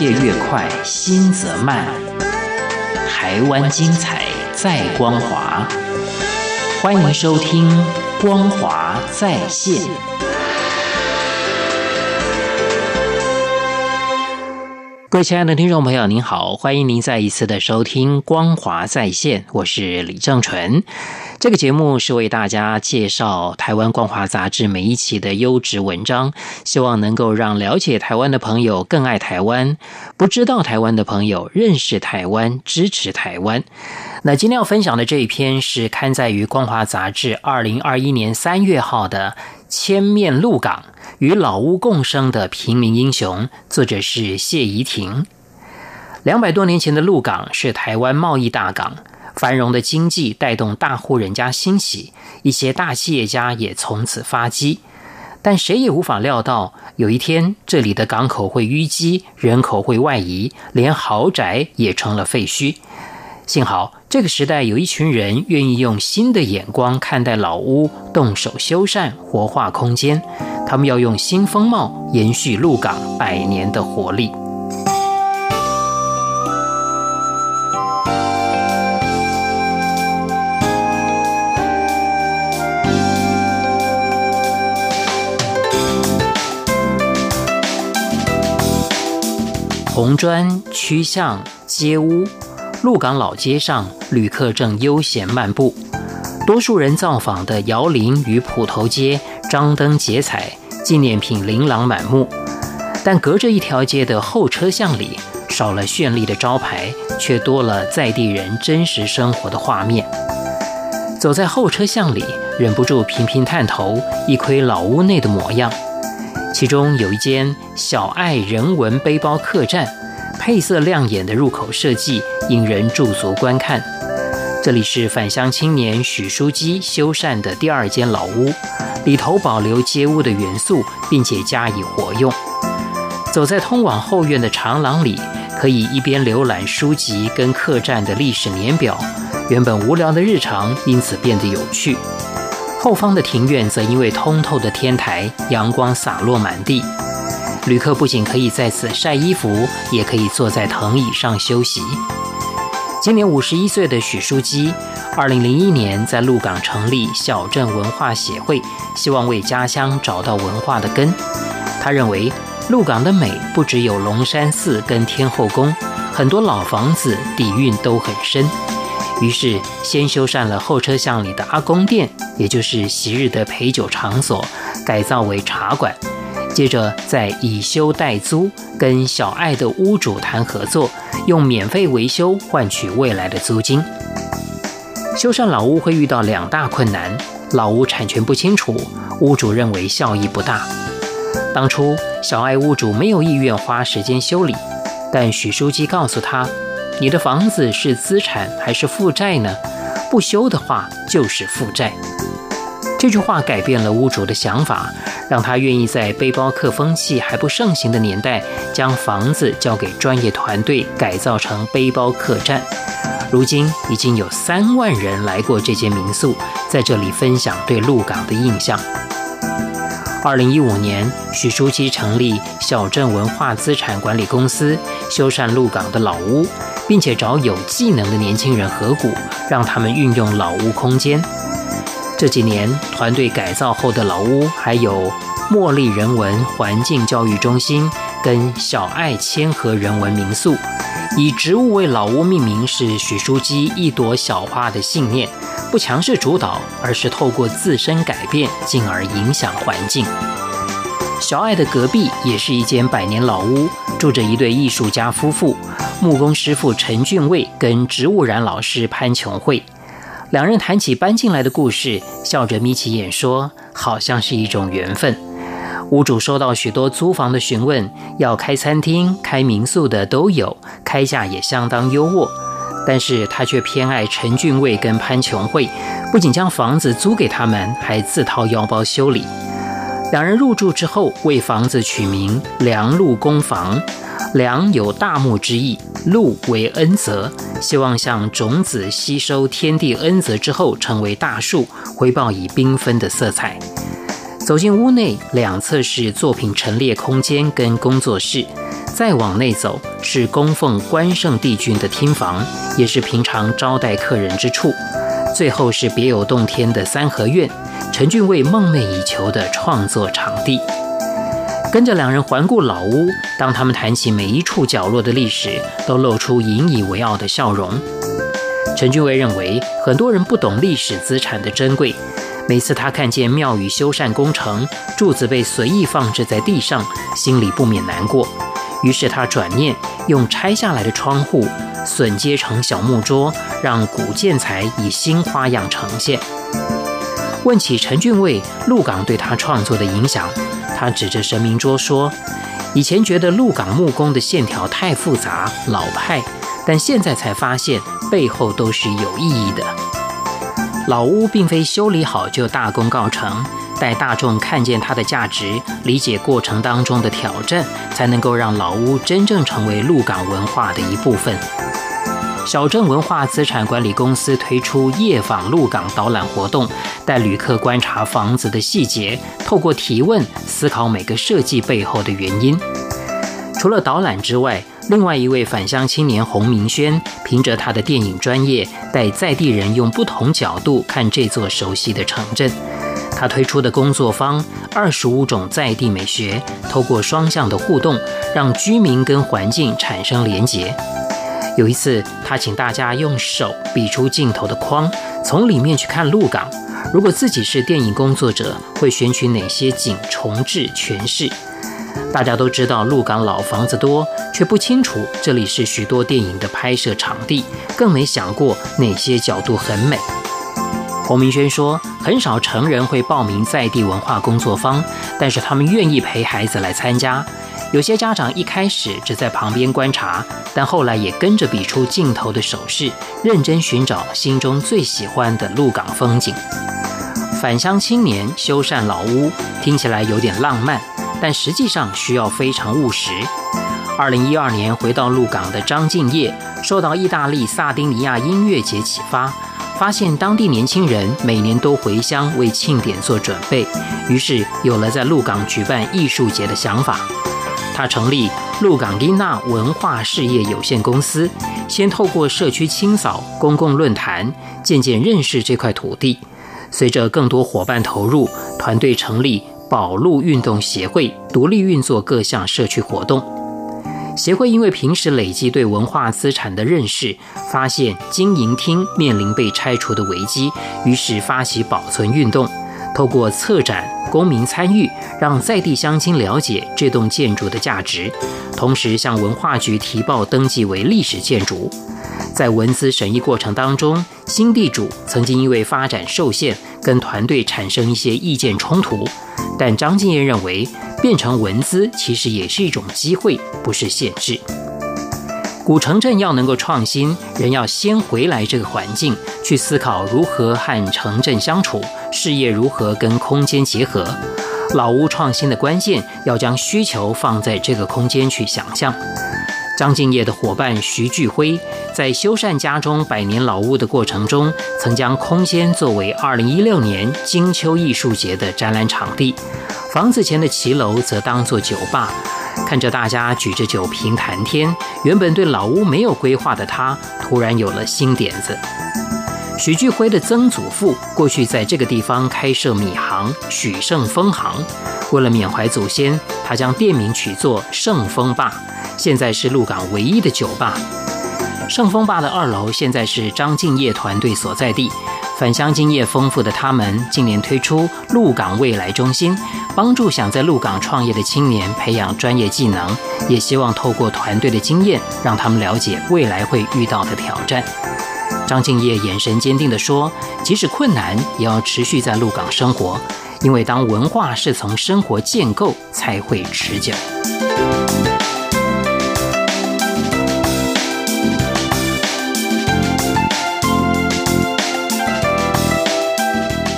線越快，心則慢。台灣精彩，在光華。歡迎收聽《光華再現》。各位親愛的聽眾朋友，您好，歡迎您再一次的收聽《光華在線》，我是李正淳。這個節目是為大家介紹台灣《光華》雜誌每一期的優質文章，希望能夠讓了解台灣的朋友更愛台灣，不知道台灣的朋友認識台灣，支持台灣。那今天要分享的這一篇是刊載於《光華》雜誌二零二一年三月號的。《千面鹿港：與老屋共生的平民英雄》，作者是謝宜婷。兩百多年前的鹿港是台灣貿易大港，繁榮的經濟帶動大戶人家興起，一些大企業家也從此發跡。但誰也無法料到，有一天，這裡的港口會淤積，人口會外移，連豪宅也成了廢墟。幸好這個時代有一群人願意用新的眼光看待老屋，動手修繕、活化空間。他們要用新風貌延續鹿港百年的活力。紅磚曲巷街屋。鹿港老街上，旅客正悠閒漫步。多數人造訪的瑤林與埔頭街張燈結彩，紀念品琳琅滿目。但隔着一條街的後車巷裡，少了絢麗的招牌，卻多了在地人真實生活的畫面。走在後車巷裡，忍不住頻頻探頭一窺老屋內的模樣。其中有一間“小愛人文背包客棧”。配色亮眼的入口設計，引人駐足觀看。這裡是返鄉青年許書基修繕的第二間老屋，裡頭保留街屋的元素，並且加以活用。走在通往後院的長廊裡，可以一邊瀏覽書籍跟客棧的歷史年表，原本無聊的日常因此變得有趣。後方的庭院則因為通透的天台，陽光灑落滿地。旅客不僅可以在此曬衣服，也可以坐在藤椅上休息。今年五十一歲的許書基，二零零一年在鹿港成立小鎮文化協會，希望為家鄉找到文化的根。他認為鹿港的美不只有龍山寺跟天後宮，很多老房子底蘊都很深。於是先修繕了後車巷裡的阿公店，也就是昔日的陪酒場所，改造為茶館。接着再以修代租，跟小愛的屋主談合作，用免費維修換取未來的租金。修繕老屋會遇到兩大困難：老屋產權不清楚，屋主認為效益不大。當初小愛屋主沒有意願花時間修理，但許書記告訴他：“你的房子是資產還是負債呢？不修的話就是負債。”這句話改變了屋主的想法，讓他願意在背包客風氣還不盛行的年代，將房子交給專業團隊改造成背包客棧。如今已經有三萬人來過這間民宿，在這裡分享對鹿港的印象。二零一五年，許書基成立小鎮文化資產管理公司，修繕鹿港的老屋，並且找有技能的年輕人合股，讓他們運用老屋空間。這幾年，團隊改造後的老屋，還有茉莉人文環境教育中心跟小愛謙和人文民宿，以植物為老屋命名是許淑姬一朵小花的信念，不強勢主導，而是透過自身改變，進而影響環境。小愛的隔壁也是一間百年老屋，住着一對藝術家夫婦，木工師傅陳俊衛跟植物染老師潘瓊惠。兩人談起搬進來的故事，笑着眯起眼說：“好像是一種緣分。”屋主收到許多租房的詢問，要開餐廳、開民宿的都有，開價也相當優渥，但是他卻偏愛陳俊衛跟潘瓊慧，不僅將房子租給他們，還自掏腰包修理。兩人入住之後，為房子取名“梁祿工房”，梁有大木之意，祿為恩澤，希望向種子吸收天地恩澤之後成為大樹，回報以繽紛的色彩。走進屋內，兩側是作品陳列空間跟工作室，再往內走是供奉關聖帝君的廳房，也是平常招待客人之處。最後是別有洞天的三合院，陳俊威夢寐以求的創作場地。跟着兩人環顧老屋，當他們談起每一處角落的歷史，都露出引以為傲的笑容。陳俊威認為，很多人不懂歷史資產的珍貴。每次他看見廟宇修繕工程，柱子被隨意放置在地上，心裡不免難過。於是他轉念用拆下來的窗戶榫接成小木桌，讓古建材以新花樣呈現。問起陳俊衛鹿港對他創作的影響，他指着神明桌說：“以前覺得鹿港木工的線條太複雜老派，但現在才發現背後都是有意義的。”老屋並非修理好就大功告成，待大眾看見它的價值，理解過程當中的挑戰，才能夠讓老屋真正成為鹿港文化的一部分。小鎮文化資產管理公司推出夜訪鹿港導覽活動，帶旅客觀察房子的細節，透過提問，思考每個設計背後的原因。除了導覽之外，另外一位返鄉青年洪明軒，憑着他的電影專業，帶在地人用不同角度看這座熟悉的城鎮。他推出的工作坊二十五種在地美學，透過雙向的互動，讓居民跟環境產生連結。有一次，他請大家用手比出鏡頭的框，從裡面去看鹿港。如果自己是電影工作者，會選取哪些景重製詮釋？大家都知道鹿港老房子多，卻不清楚這裡是許多電影的拍攝場地，更沒想過哪些角度很美。洪明軒說，很少成人會報名在地文化工作坊，但是他們願意陪孩子來參加。有些家長一開始只在旁邊觀察，但後來也跟着比出鏡頭的手勢，認真尋找心中最喜歡的鹿港風景。返鄉青年修繕老屋，聽起來有點浪漫。但實際上需要非常務實。二零一二年回到鹿港的張敬業，受到意大利薩丁尼亞音樂節啟發，發現當地年輕人每年都回鄉為慶典做準備，於是有了在鹿港舉辦藝術節的想法。他成立鹿港囝仔文化事業有限公司，先透過社區清掃、公共論壇，漸漸認識這塊土地。隨着更多伙伴投入，團隊成立。保鹿運動協會獨立運作各項社區活動。協會因為平時累積對文化資產的認識，發現經營廳面臨被拆除的危機，於是發起保存運動。透過策展、公民參與，讓在地鄉親了解這棟建築的價值，同時向文化局提報登記為歷史建築。在文資審議過程當中，新地主曾經因為發展受限，跟團隊產生一些意見衝突。但張敬業認為，變成文資其實也是一種機會，不是限制。古城鎮要能夠創新，人要先回來這個環境，去思考如何和城鎮相處，事業如何跟空間結合。老屋創新的關鍵，要將需求放在這個空間去想象。張敬業的夥伴徐巨輝在修繕家中百年老屋的過程中，曾將空間作為二零一六年金秋藝術節的展覽場地，房子前的騎樓則當作酒吧。看着大家舉着酒瓶談天，原本對老屋沒有規劃的他，突然有了新點子。徐巨輝的曾祖父過去在這個地方開設米行“許盛豐行”，為了緬懷祖先，他將店名取作“盛豐壩”。現在是鹿港唯一的酒吧，盛豐壩的二樓現在是張敬業團隊所在地。返鄉經驗豐富的他們，近年推出鹿港未來中心，幫助想在鹿港創業的青年培養專，專業技能，也希望透過團隊的經驗，讓他們了解未來會遇到的挑戰。張敬業眼神堅定地說：“即使困難，也要持續在鹿港生活，因為當文化是從生活建構，才會持久。”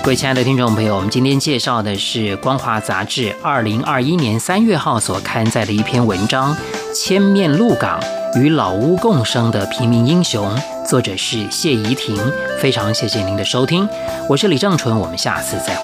各位親愛的聽眾朋友，我們今天介紹的是《光華雜誌》二零二一年三月號所刊載的一篇文章《千面鹿港與老屋共生的平民英雄》，作者是謝宜婷。非常謝謝您的收聽，我是李正淳，我們下次再會。